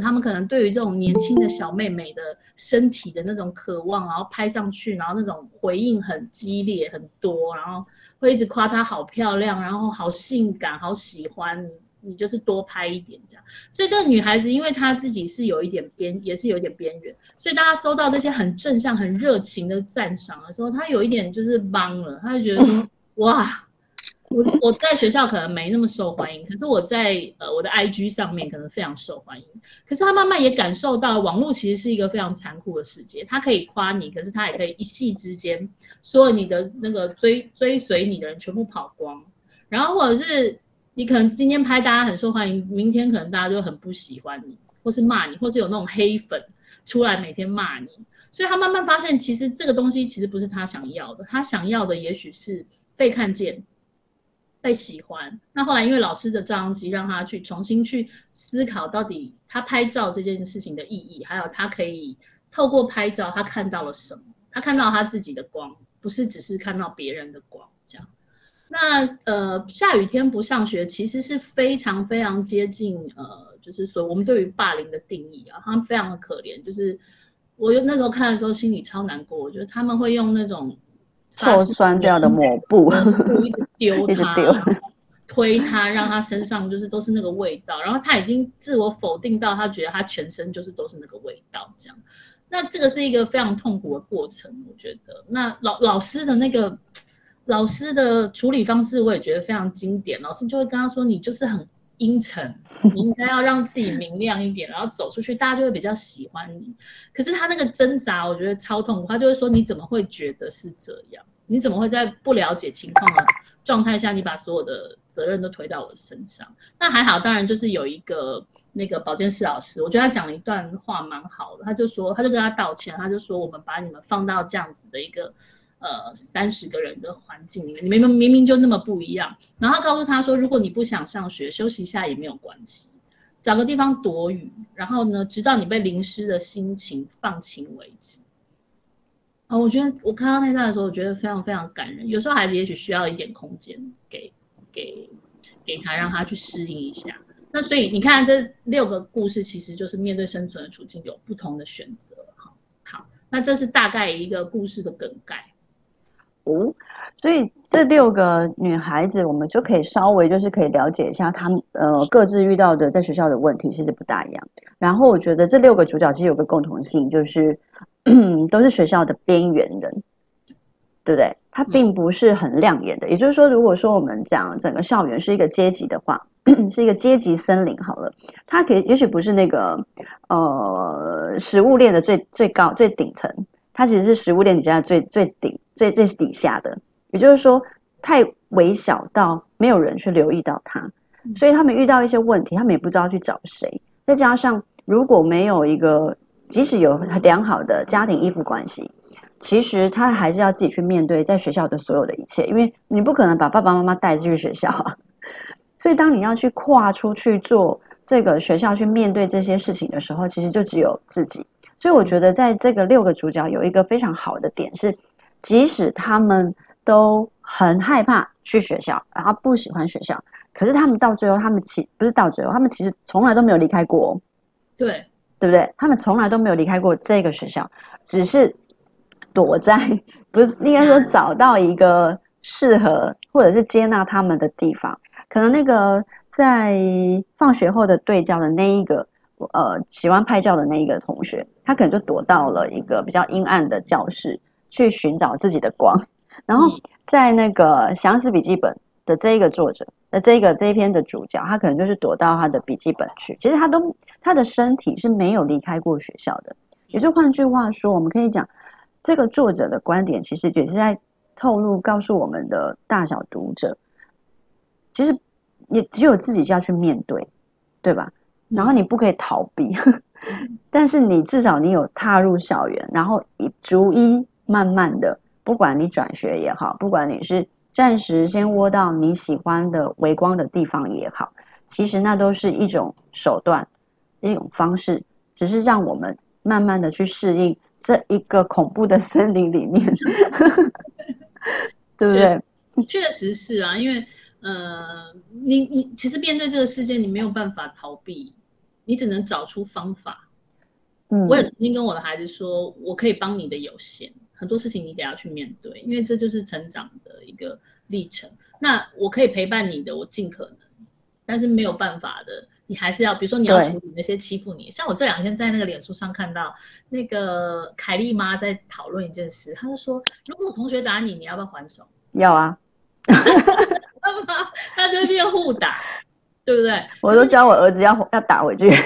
他們可能對於這種年輕的小妹妹的身體的那種渴望，然後拍上去，然後那種回應很激烈很多，然後會一直誇她好漂亮，然後好性感，好喜歡你，就是多拍一點這樣。所以這個女孩子，因為她自己是有一點邊，也是有一點邊緣，所以大家收到這些很正向、很熱情的讚賞的時候，她有一點就是懵了，她就覺得說哇。 我我在學校可能沒那麼受歡迎，可是我在呃我的 IG 上面可能非常受歡迎。可是他慢慢也感受到網絡其實是一個非常殘酷的世界，他可以誇你，可是他也可以一夕之間，所有你的那個追追隨你的人全部跑光，然後或者是你可能今天拍大家很受歡迎，明天可能大家就很不喜歡你，或是罵你，或是有那種黑粉出來每天罵你。所以他慢慢發現，其實這個東西其實不是他想要的，他想要的也許是被看見。被喜歡。那後來因為老師的張機，讓他去重新去思考到底他拍照這件事情的意義，還有他可以透過拍照，他看到了什麼？他看到他自己的光，不是只是看到別人的光這樣。那呃，下雨天不上學，其實是非常非常接近呃，就是說我們對於霸凌的定義啊，他們非常的可憐。就是我那時候看的時候，心裡超難過。我覺得他們會用那種臭酸掉的抹布。 丟他，丟，推他，讓他身上就是都是那個味道， 然後他已經自我否定到他覺得他全身就是都是那個味道這樣。那這個是一個非常痛苦的過程，我覺得。那老老師的那個老師的處理方式，我也覺得非常經典。老師就會跟他說：“你就是很陰沉，你應該要讓自己明亮一點， 然後走出去，大家就會比較喜歡你。”可是他那個掙扎，我覺得超痛苦。他就會說：“你怎麼會覺得是這樣？”你怎麼會在不了解情況的狀態下，你把所有的責任都推到我身上？那還好，當然就是有一個那個保健室老師，我覺得他講了一段話蠻好的。他就說，他就跟他道歉，他就說我們把你們放到這樣子的一個呃三十個人的環境裡面，你明明明明就那麼不一樣。然後他告訴他說，如果你不想上學，休息一下也沒有關係，找個地方躲雨，然後呢，直到你被淋濕的心情放晴為止。啊、哦，我覺得我看到那段的時候，我覺得非常非常感人。有時候孩子也許需要一點空間給，給給給他，讓他去適應一下。那所以你看，這六個故事其實就是面對生存的處境有不同的選擇。哈，好，那這是大概一個故事的梗概。哦、嗯，所以這六個女孩子，我們就可以稍微就是可以了解一下她們呃各自遇到的在學校的問題，其實不大一樣。然後我覺得這六個主角其實有個共同性，就是。都是學校的邊緣人，對不對？他並不是很亮眼的。也就是說，如果說我們講整個校園是一個階級的話，是一個階級森林。好了，他可以也許不是那個呃食物鏈的最最高最頂層，他其實是食物鏈底下最最頂最最底下的。也就是說，太微小到沒有人去留意到他，所以他們遇到一些問題，他們也不知道去找誰。再加上如果沒有一個即使有良好的家庭依附關係，其實他還是要自己去面對在學校的所有的一切，因為你不可能把爸爸媽媽帶進去學校。所以，當你要去跨出去做這個學校，去面對這些事情的時候，其實就只有自己。所以，我覺得在這個六個主角有一個非常好的點是，即使他們都很害怕去學校，然後不喜歡學校，可是他們到最後，他們其不是到最後，他們其實從來都沒有離開過。對。對不對？他們從來都沒有離開過這個學校，只是躲在不是應該說找到一個適合或者是接納他們的地方。可能那個在放學後的對焦的那一個呃喜歡拍照的那一個同學，他可能就躲到了一個比較陰暗的教室去尋找自己的光。然後在那個《想死筆記本》的這一個作者。那這個這一篇的主角，他可能就是躲到他的筆記本去。其實他都他的身體是沒有離開過學校的。也就換句話說，我們可以講，這個作者的觀點其實也是在透露告訴我們的大小讀者，其實也只有自己就要去面對，對吧？然後你不可以逃避，呵呵，但是你至少你有踏入校園，然後一逐一慢慢的，不管你轉學也好，不管你是。暫時先窩到你喜歡的微光的地方也好，其實那都是一種手段，一種方式，只是讓我們慢慢的去適應這一個恐怖的森林裡面，對不對？確實是啊，因為呃，你你其實面對這個世界，你沒有辦法逃避，你只能找出方法。嗯，我也曾經跟我的孩子說，我可以幫你的有限。很多事情你得要去面對，因為這就是成長的一個歷程。那我可以陪伴你的，我盡可能，但是沒有辦法的，你還是要，比如說你要處理那些欺負你。像我這兩天在那個臉書上看到那個凱麗媽在討論一件事，她就說，如果同學打你，你要不要還手？要啊，她 就會變互打， 對不對？我都教我兒子要要打回去。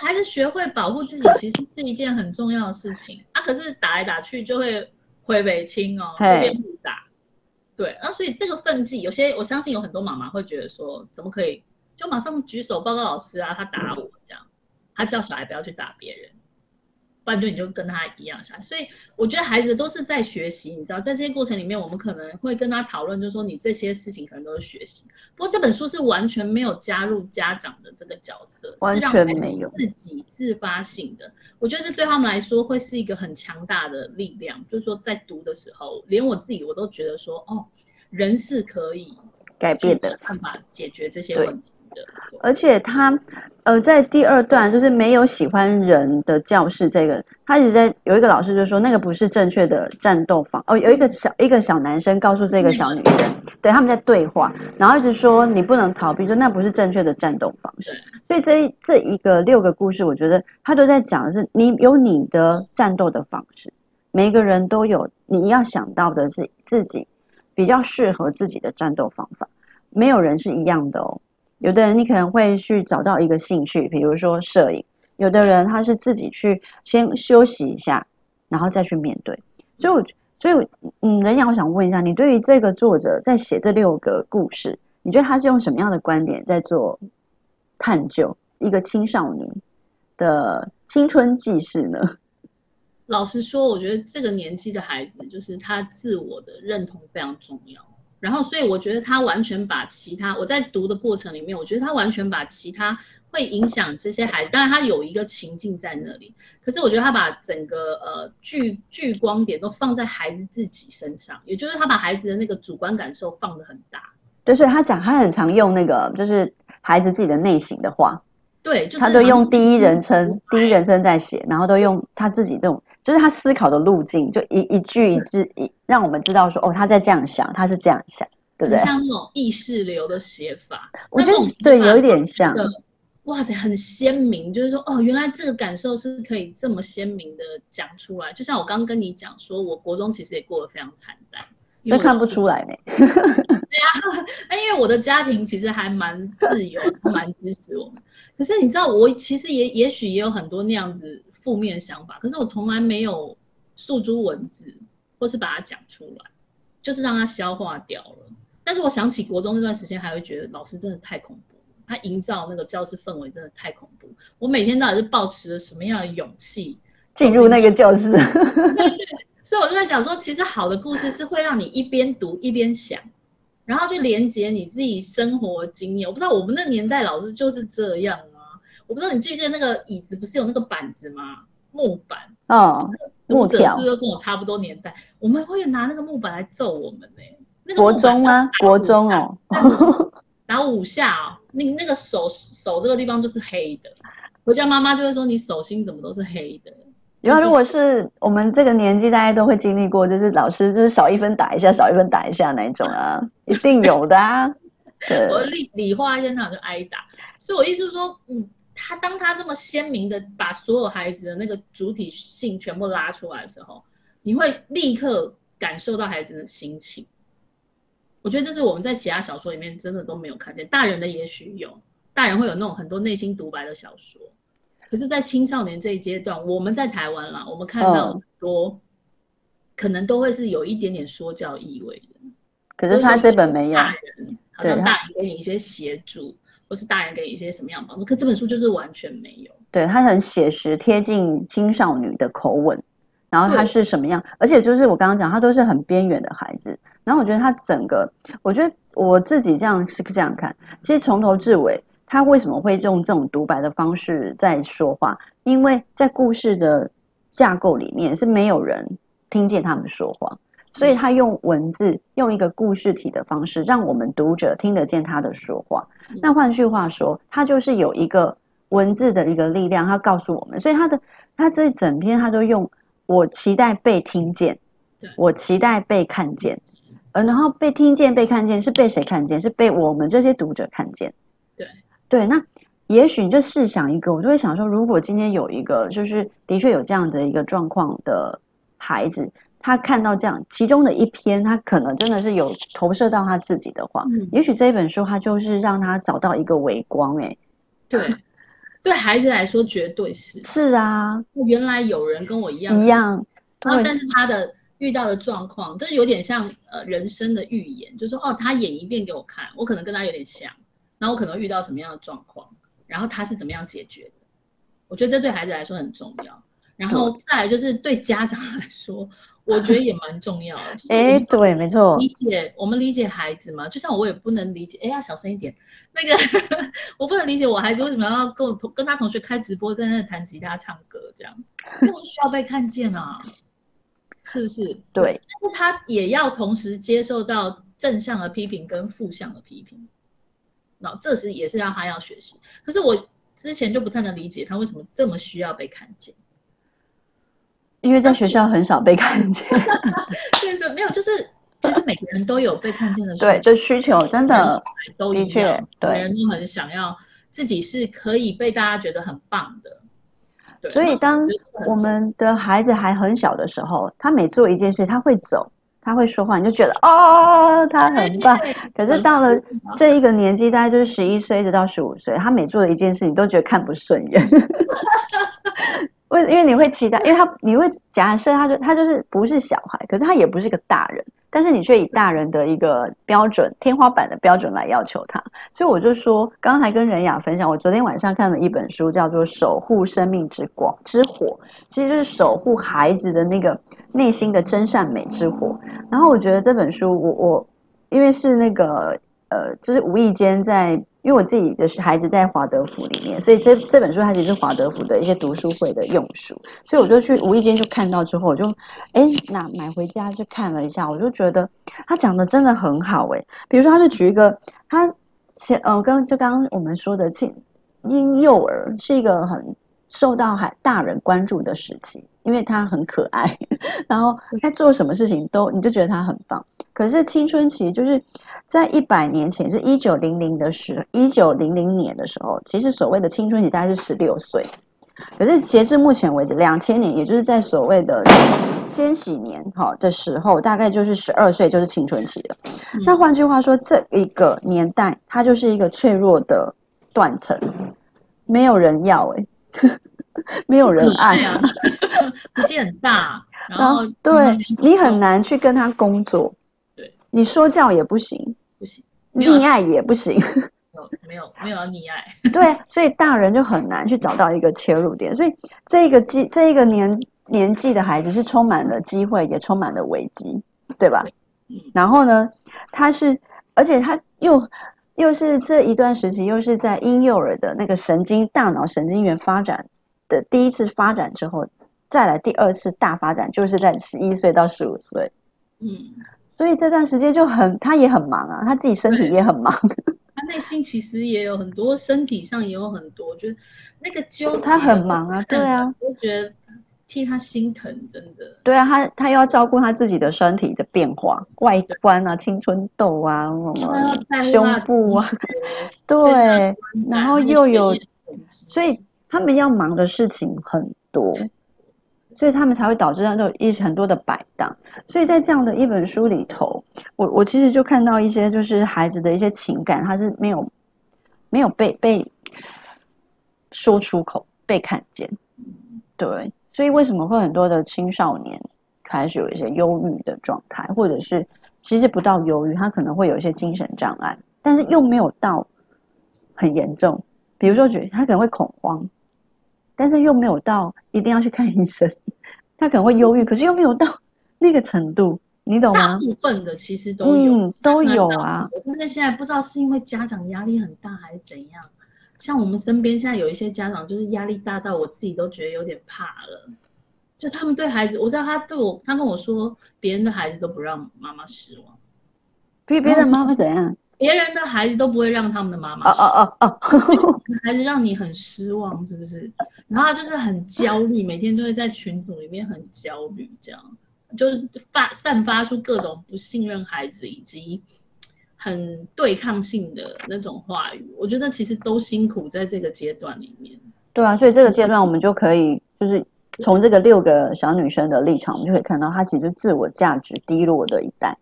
還是學會保護自己，其實是一件很重要的事情啊。可是打來打去就會回北京哦，這邊不打，對那、啊、所以這個分際，有些我相信有很多媽媽會覺得說，怎麼可以就馬上舉手報告老師啊？他打我這樣，他叫小孩不要去打別人。不然就你就跟他一樣下，所以我覺得孩子都是在學習，你知道，在這些過程裡面，我們可能會跟他討論，就是說你這些事情可能都是學習。不過這本書是完全沒有加入家長的這個角色，完全沒有自己自發性的。我覺得這對他們來說會是一個很強大的力量，就是說在讀的時候，連我自己我都覺得說，哦，人是可以改變的，辦法解決這些問題。而且他，呃，在第二段就是沒有喜歡人的教室，這個他一直在有一個老師就說那個不是正確的戰鬥方，哦，有一個小一個小男生告訴這個小女生，對，他們在對話，然後一直說你不能逃避，說那不是正確的戰鬥方式。所以這這一個六個故事，我覺得他都在講的是你有你的戰鬥的方式，每個人都有你要想到的是自、自己比較適合自己的戰鬥方法，沒有人是一樣的哦。有的人你可能會去找到一個興趣，比如說攝影。有的人他是自己去先休息一下，然後再去面對。所以，所以，嗯，人雅，我想問一下，你對於這個作者在寫這六個故事，你覺得他是用什麼樣的觀點在做探究？一個青少年的青春記事呢？老實說，我覺得這個年紀的孩子，就是他自我的認同非常重要。然後，所以我覺得他完全把其他我在讀的過程裡面，我覺得他完全把其他會影響這些孩子，當然，他有一個情境在那裡。可是我覺得他把整個呃聚聚光點都放在孩子自己身上，也就是他把孩子的那個主觀感受放得很大。對，所以他講，他很常用那個就是孩子自己的內心的話，對，就是他都用第一人稱，第一人稱在寫，然後都用他自己這種。就是他思考的路徑，就一一句一字，一、嗯、讓我們知道說，哦，他在這樣想，他是這樣想，對不對？像那種意識流的寫法，我覺得對，有一點像、那個。哇塞，很鮮明，就是說，哦，原來這個感受是可以這麼鮮明的講出來。就像我剛剛跟你講說，我國中其實也過得非常慘淡，因為看不出來呢。對啊，那因為我的家庭其實還蠻自由，還蠻支持我們。可是你知道，我其實也也許也有很多那樣子。負面的想法，可是我從來沒有訴諸文字，或是把它講出來，就是讓它消化掉了。但是我想起國中那段時間，還會覺得老師真的太恐怖了，他營造那個教室氛圍真的太恐怖。我每天到底是抱持着什麼樣的勇氣進入那個教室？ 對對對，所以我就在講說，其實好的故事是會讓你一邊讀一邊想，然後去連接你自己生活經驗。我不知道我們那年代老師就是這樣。我不知道你記不記得那個椅子，不是有那個板子嗎？木板，哦，木條、那個、是不是跟我差不多年代？我們會拿那個木板來揍我們呢、欸那個。國中嗎？國中哦，打五下哦，那 那個手手這個地方就是黑的。我家媽媽就會說，你手心怎麼都是黑的。然、呃、後如果是我們這個年紀，大家都會經歷過，就是老師就是少一分打一下，少一分打一下 那一種啊，一定有的啊。 對，我理理化那場就挨打，所以我意思是說，嗯。他當他這麼鮮明的把所有孩子的那個主體性全部拉出來的時候，你會立刻感受到孩子的心情。我覺得這是我們在其他小說裡面真的都沒有看見，大人的也許有，大人會有那種很多內心獨白的小說，可是，在青少年這一階段，我們在台灣啦，我們看到很多、嗯、可能都會是有一點點說教意味的。可是他這本沒有，就是、大人好像大人給你一些協助。是大人給一些什麼樣幫助？可這本書就是完全沒有。對，它很寫實，貼近青少女的口吻。然後它是什麼樣？而且就是我剛剛講，它都是很邊緣的孩子。然後我覺得它整個，我覺得我自己這樣是這樣看。其實從頭至尾，他為什麼會用這種獨白的方式在說話？因為在故事的架構裡面，是沒有人聽見他們說話。所以他用文字，用一個故事體的方式，讓我們讀者聽得見他的說話。那換句話說，他就是有一個文字的一個力量，他告訴我們。所以他的他這一整篇，他都用我期待被聽見，對，我期待被看見，呃，然後被聽見、被看見是被誰看見？是被我們這些讀者看見。對對，那也許你就試想一個，我就會想說，如果今天有一個就是的確有這樣的一個狀況的孩子。他看到這樣，其中的一篇，他可能真的是有投射到他自己的話，嗯，也許這一本書他就是讓他找到一個微光、欸，誒，對、啊，對孩子來說絕對是，是啊，原來有人跟我一樣，一樣，然後但是他的遇到的狀況，這、就是、有點像呃人生的預言，就是說哦，他演一遍給我看，我可能跟他有點像，那我可能遇到什麼樣的狀況，然後他是怎麼樣解決的，我覺得這對孩子來說很重要，然後再來就是對家長來說。嗯 我覺得也蠻重要的。哎、就是欸，對，沒錯。理解，我們理解孩子嘛。就像我也不能理解，哎、欸，要小聲一點。那個呵呵，我不能理解我孩子為什麼要跟我同跟他同學開直播，在那彈吉他、唱歌這樣。他需要被看見啊， 是不是？對。但是他也要同時接受到正向的批評跟負向的批評。那這時也是讓他要學習。可是我之前就不太能理解他為什麼這麼需要被看見。因為在學校很少被看見是，確 實、就是、沒有。就是其實每個人都有被看見的 對這需求，真的，都一樣，的確，每個人都很想要自己是可以被大家覺得很棒的。所以當我們的孩子還很小的時候，他每做一件事，他會走，他會說話，你就覺得哦，他很棒。可是到了這一個年紀， 大概就是十一歲一直到十五歲，他每做的一件事你都覺得看不順眼。 因為你會期待，因為他你會假設，他就他就是不是小孩，可是他也不是個大人，但是你卻以大人的一個標準、天花板的標準來要求他，所以我就說，剛才跟任雅分享，我昨天晚上看了一本書，叫做《守護生命之光之火》，其實就是守護孩子的那個內心的真善美之火。然後我覺得這本書我，我我因為是那個。呃，就是無意間在，因為我自己的孩子在華德福裡面，所以這這本書它其實是華德福的一些讀書會的用書，所以我就去無意間就看到之後，我就，哎，那買回家去看了一下，我就覺得他講的真的很好哎、欸。比如說，他就舉一個，他前呃，剛就剛剛我們說的親，親嬰幼兒是一個很受到孩大人關注的時期，因為他很可愛，然後他做什麼事情都你就覺得他很棒。可是青春期就是在一百年前，是一九零零的時，一九零零年的時候，其實所謂的青春期大概是十六歲。可是截至目前為止，兩千年，也就是在所謂的千禧年哈的時候，大概就是十二歲就是青春期了。嗯、那換句話說，這一個年代它就是一個脆弱的斷層，沒有人要誒、欸、沒有人愛啊，不、嗯、見 大，然後, 然後對你很難去跟他工作。你說教也不行，不行，溺、啊、愛也不行， 哦、沒有沒有溺、啊、愛？ 對，所以大人就很難去找到一個切入點。所以這個機這個年年紀的孩子是充滿了機會，也充滿了危機，對吧對？然後呢，他是，而且他又又是這一段時期，又是在嬰幼兒的那個神經大腦神經元發展的第一次發展之後，再來第二次大發展，就是在十一歲到十五歲，嗯。所以這段時間就很，他也很忙啊，他自己身體也很忙， 他內心其實也有很多，身體上也有很多，就是那個揪，他很忙啊，對啊，我就覺得替他心疼，真的，對啊，他他又要照顧他自己的身體的變化，外觀啊，青春痘啊什麼、嗯，胸部啊，對， 對對，然後又有，所以他們要忙的事情很多。所以他們才會導致那一很多的擺盪。所以在這樣的一本書裡頭，我我其實就看到一些就是孩子的一些情感，他是沒有沒有被被說出口，被看見。對，所以為什麼會很多的青少年開始有一些憂鬱的狀態，或者是其實不到憂鬱，他可能會有一些精神障礙，但是又沒有到很嚴重。比如說，覺，他可能會恐慌。但是又沒有到一定要去看醫生，他可能會憂鬱，可是又沒有到那個程度，嗯，你懂嗎？大部分的其實都有，嗯、都有啊。我現在現在不知道是因為家長壓力很大還是怎樣，像我們身邊現在有一些家長就是壓力大到我自己都覺得有點怕了，就他們對孩子，我知道他對我，他跟我說別人的孩子都不讓媽媽失望，比別的媽媽怎樣。嗯別人的孩子都不會讓他們的媽媽，哦哦哦哦，孩子讓你很失望，是不是？然後他就是很焦慮，每天都會在群組裡面很焦慮，這樣就是發散發出各種不信任孩子以及很對抗性的那種話語。我覺得其實都辛苦，在這個階段裡面。對啊，所以這個階段我們就可以，就是從這個六個小女生的立場，我們就可以看到，她其實自我價值低落的一代。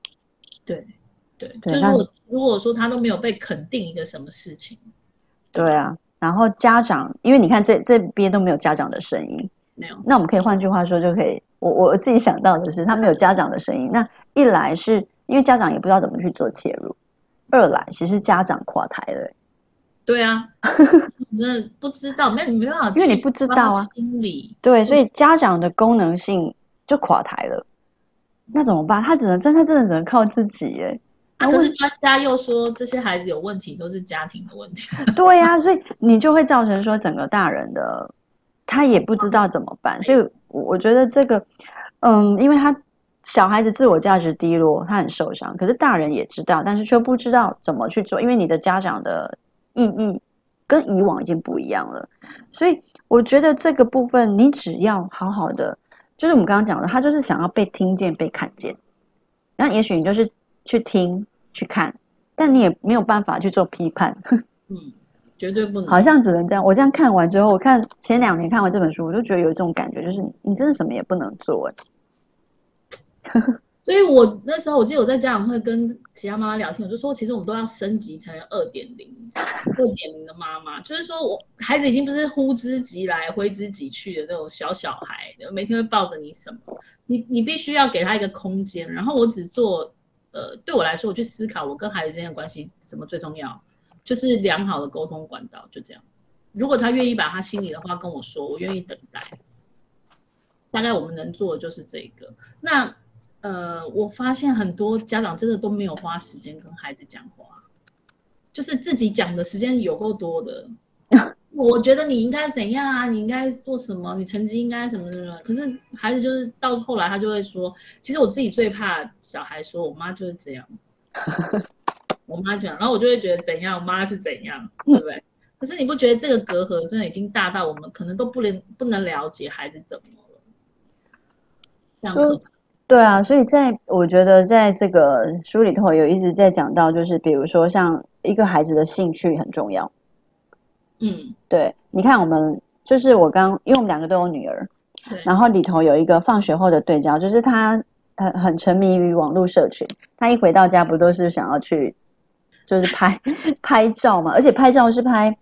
對。對，就是我如果說他都沒有被肯定一個什麼事情，對啊，然後家長，因為你看這這邊都沒有家長的聲音，沒有。那我們可以換句話說就可以，我我自己想到的是，他沒有家長的聲音。那一來是，因為家長也不知道怎麼去做切入，二來其實家長垮台了，欸，對啊，那 不知道，那你沒辦法，因為你不知道啊，道心理，對，所以家長的功能性就垮台了。那怎麼辦？他只能真他，他真的只能靠自己，欸，哎。但是專家又說，這些孩子有問題，都是家庭的問題。對呀，啊，所以你就會造成說整個大人的他也不知道怎麼辦。所以我覺得這個，嗯，因為他小孩子自我價值低落，他很受傷。可是大人也知道，但是卻不知道怎麼去做，因為你的家長的意義跟以往已經不一樣了。所以我覺得這個部分，你只要好好的，就是我們剛剛講的，他就是想要被聽見、被看見。那也許你就是去聽。去看，但你也沒有辦法去做批判， 嗯，絕對不能，好像只能這樣。我這樣看完之後，我看前兩年看完這本書，我就覺得有一種感覺，就是你，你真的什麼也不能做。 所以我那時候，我記得我在家長會跟其他媽媽聊天，我就說，其實我們都要升級成二點零，二點零的媽媽，就是說我孩子已經不是呼之即來揮之即去的那種小小孩，每天會抱着你什麼，你你必須要給他一個空間，嗯，然後我只做。呃，對我來說，我去思考我跟孩子之間的關係什麼最重要，就是良好的溝通管道，就這樣。如果他願意把他心裡的話跟我說，我願意等待。大概我們能做的就是這個。那呃，我發現很多家長真的都沒有花時間跟孩子講話，就是自己講的時間有夠多的。 我覺得你應該怎樣啊？你應該做什麼？你成績應該什麼什麼？可是孩子就是到後來，他就會說：“其實我自己最怕小孩說我媽就是這樣。對不對” 我媽這樣，然後我就會覺得怎樣？我媽是怎樣，對不對？嗯。可是你不覺得這個隔閡真的已經大到我們可能都不能不能了解孩子怎麼了？這樣可怕。對啊，所以在我覺得，在這個書裡頭有一直在講到，就是比如說像一個孩子的興趣很重要。嗯，對，你看我們就是我剛，因為我們兩個都有女兒，對，然後裡頭有一個放學後的對焦，就是她很很沉迷於網絡社群，她一回到家不都是想要去就是拍 拍照嘛，而且拍照是拍，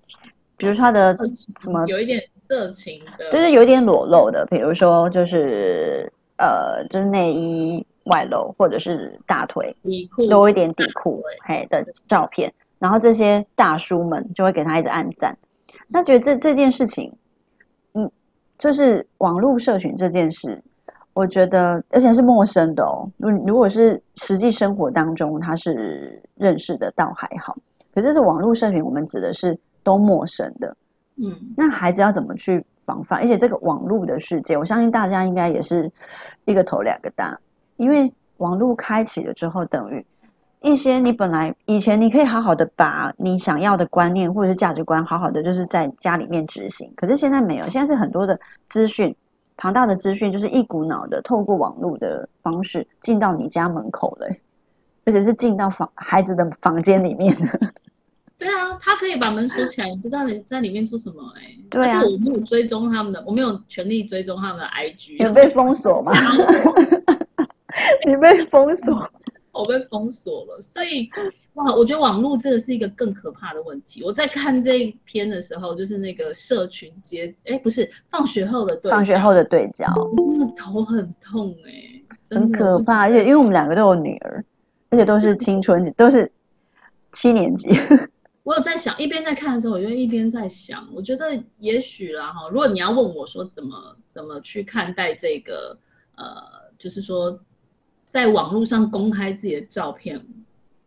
比如說她的什麼有一點色情的，就是有一點裸露的，比如說就是呃就是內衣外露或者是大腿，底褲多一點底褲嘿的照片，然後這些大叔們就會給她一直按讚。那覺得這這件事情，嗯，就是網絡社群這件事，我覺得，而且是陌生的哦。如果，如果是實際生活當中，他是認識的，倒還好。可是這是網絡社群，我們指的是都陌生的，嗯。那孩子要怎麼去防範？而且這個網絡的世界，我相信大家應該也是一個頭兩個大，因為網絡開啟了之後，等於。一些你本來以前你可以好好的把你想要的觀念或者是價值觀好好的就是在家裡面執行，可是現在沒有，現在是很多的資訊，龐大的資訊就是一股腦的透過網絡的方式進到你家門口了、欸，而且是進到房孩子的房間裡面的。對啊，他可以把門鎖起來， 不知道你在裡面做什麼哎、欸。對啊，我沒有追蹤他們的，我沒有權利追蹤他們的 IG。你被封鎖嗎？ 你被封鎖。 我、哦、被封鎖了，所以哇，我覺得網絡真的是一個更可怕的問題。我在看這一篇的時候，就是那個社群結，哎，不是放學後的對，放學後的對焦，真的、嗯、頭很痛哎、欸，很可怕。而且因為我們兩個都有女兒，而且都是青春期、嗯，都是七年級。我有在想，一邊在看的時候，我就一邊在想，我覺得也許啦哈、哦，如果你要問我說怎麼怎麼去看待這個，呃，就是說。在網絡上公開自己的照片，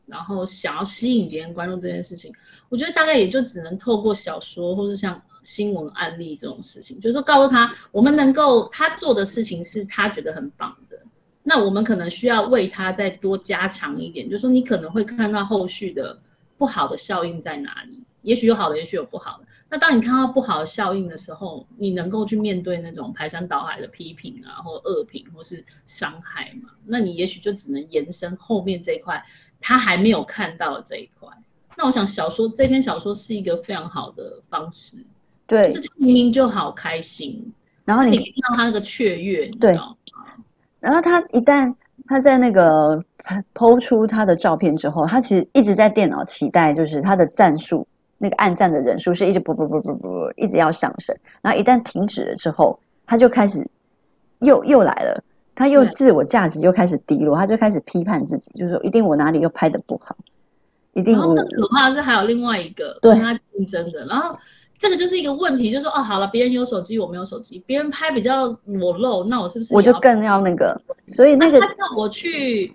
然後想要吸引別人關注這件事情，我覺得大概也就只能透過小說或者像新聞案例這種事情，就是說告訴他，我們能夠他做的事情是他覺得很棒的，那我們可能需要為他再多加強一點，就是說你可能會看到後續的不好的效應在哪裡。也許有好的，也許有不好的。那當你看到不好的效應的時候，你能夠去面對那種排山倒海的批評啊，或惡評，或是傷害嘛？那你也許就只能延伸後面這一塊，他還沒有看到這一塊。那我想小說這篇小說是一個非常好的方式，對，這、就是、明明就好開心，然後你，你看到他那個雀躍，對，然後他一旦他在那個 po 出他的照片之後，他其實一直在電腦期待，就是他的戰術。那個按讚的人數是一直不不不不不不一直要上升，然後一旦停止了之後，他就開始又又來了，他又自我價值又開始低落，他就開始批判自己，就是說一定我哪裡又拍得不好，一定。是還有另外一個對跟他競爭的，然後這個就是一個問題，就是說哦好了，別人有手機我沒有手機，別人拍比較裸露，那我是不是我就更要那個？所以那個我去。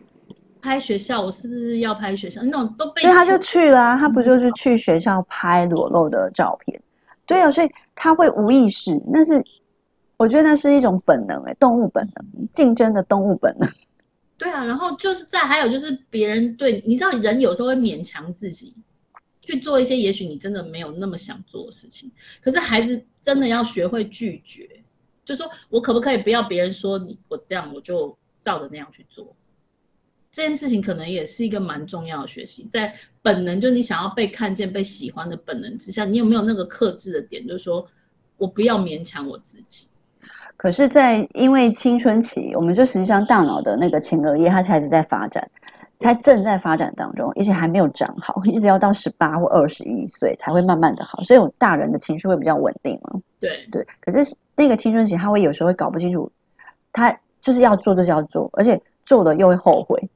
拍學校，我是不是要拍學校？那種都被，所以他就去了、啊嗯，他不就是去學校拍裸露的照片？嗯、對啊，所以他會無意識，那是我覺得那是一種本能、欸，哎，動物本能，競爭的動物本能。對啊，然後就是在還有就是別人對，你知道人有時候會勉強自己去做一些也許你真的沒有那麼想做的事情，可是孩子真的要學會拒絕，就說我可不可以不要，別人說你，我這樣我就照着那樣去做。這件事情可能也是一個蠻重要的學習，在本能，就你想要被看見、被喜歡的本能之下，你有沒有那個克制的點？就是說，我不要勉強我自己。可是，在因為青春期，我們就實際上大腦的那個前額葉它還是在發展，它正在發展當中，而且還沒有長好，一直要到十八或二十一歲才會慢慢的好，所以我大人的情緒會比較穩定嘛。對對，可是那個青春期，他會有時候會搞不清楚，他就是要做，就是要做，而且做的又會後悔。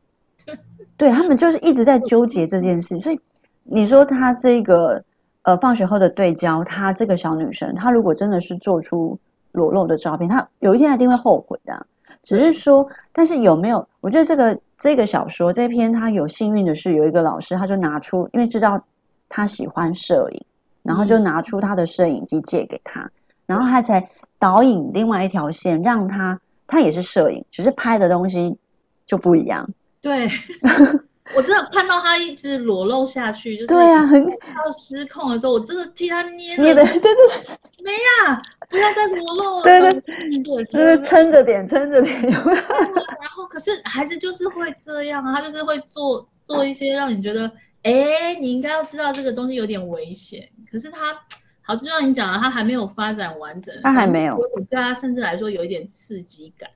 對，他們就是一直在糾結這件事，所以你說他這個呃放學後的對焦，他這個小女生，她如果真的是做出裸露的照片，她有一天一定會後悔的啊。只是說，但是有沒有？我覺得這個這個小說這篇，他有幸運的是有一個老師，他就拿出因為知道他喜歡攝影，然後就拿出他的攝影機借給他，然後他才導引另外一條線，讓他他也是攝影，只是拍的東西就不一樣。對， 我真的看到他一直裸露下去，就是對呀，很要失控的時候、啊，我真的替他捏捏的，對，對對，沒呀、啊，不要再裸露了，對對，對，對，對，對，就是撐着點，撐着點。然後，可是孩子就是會這樣啊，他就是會做做一些讓你覺得，哎、欸，你應該要知道這個東西有點危險。可是他，好，就像你講的，他還沒有發展完整，他還沒有，我對他甚至來說有一點刺激感。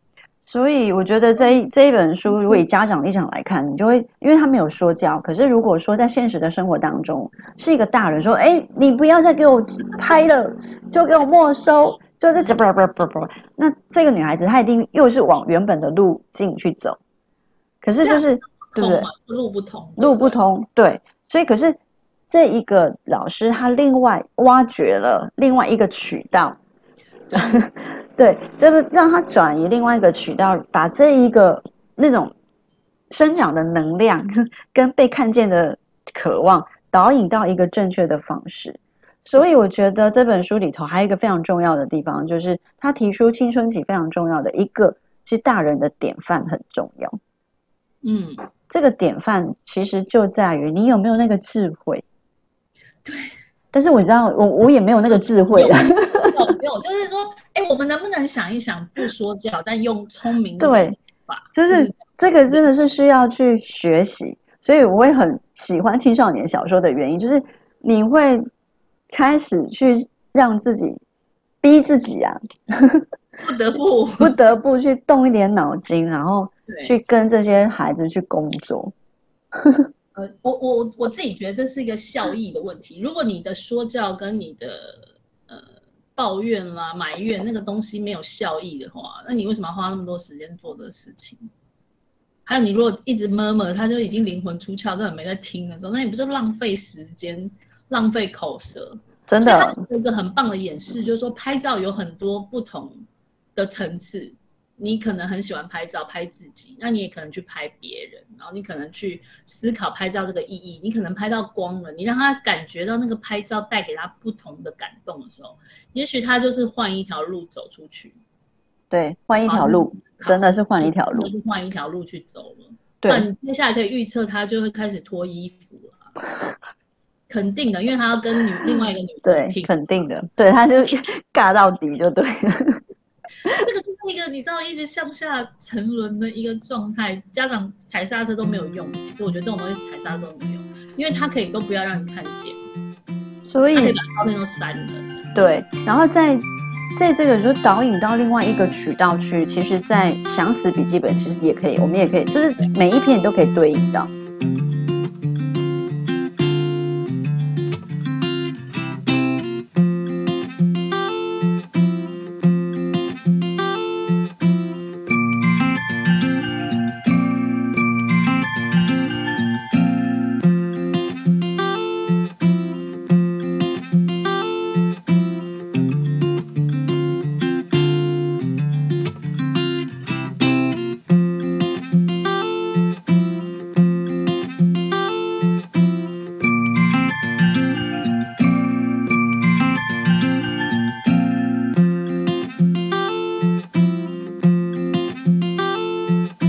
所以我覺得這，這這一本書，如果以家長立場來看，你就會，因為他沒有說教，可是如果說在現實的生活當中，是一個大人說，哎，你不要再給我拍了，就給我沒收，就在這那這個女孩子她一定又是往原本的路徑去走，可是就是對不對？路不通，路不通，對，所以可是這一個老師他另外挖掘了另外一個渠道。對，就是讓他轉移另外一個渠道，把這一個那種生長的能量跟被看見的渴望導引到一個正確的方式。所以我覺得這本書裡頭還有一個非常重要的地方，就是他提出青春期非常重要的一個，是大人的典範很重要。嗯，這個典範其實就在於你有沒有那個智慧。對。但是我知道，我我也沒有那個智慧。嗯嗯嗯嗯嗯沒有，就是說，哎，我們能不能想一想，不說教，但用聰明的方法，對吧？就是這個真的是需要去學習，所以我也很喜歡青少年小說的原因，就是你會開始去讓自己逼自己啊，不得不 不得不去動一點腦筋，然後去跟這些孩子去工作。 呃，我我我自己覺得這是一個效益的問題。如果你的說教跟你的。抱怨啦、埋怨那個東西沒有效益的話，那你為什麼要花那麼多時間做這個事情？還有，你如果一直 murmur，他就已經靈魂出竅，根本沒在聽的時候，那你不是浪費時間、浪費口舌？真的，一個很棒的演示，就是說拍照有很多不同的層次。你可能很喜歡拍照拍自己，那你也可能去拍別人，然後你可能去思考拍照這個意義。你可能拍到光了，你讓他感覺到那個拍照帶給他不同的感動的時候，也許他就是換一條路走出去。對，換一條路，啊、真的是換一條路，是，就是，換條路就是換一條路去走了。對，那你接下來可以預測他就會開始脫衣服了、啊， 肯定的，因為他要跟另外一個女生對，肯定的，對，他就尬到底就對了。 這個就是一個你知道一直向下沉淪的一個狀態，家長踩剎車都沒有用。其實我覺得這種東西踩剎車都沒有用，因為它可以都不要讓你看見，所以，它可以把照片都刪了對。對，然後在在這個就導引到另外一個渠道去。其實，在《想死筆記本》其實也可以，我們也可以，就是每一篇你都可以對應到。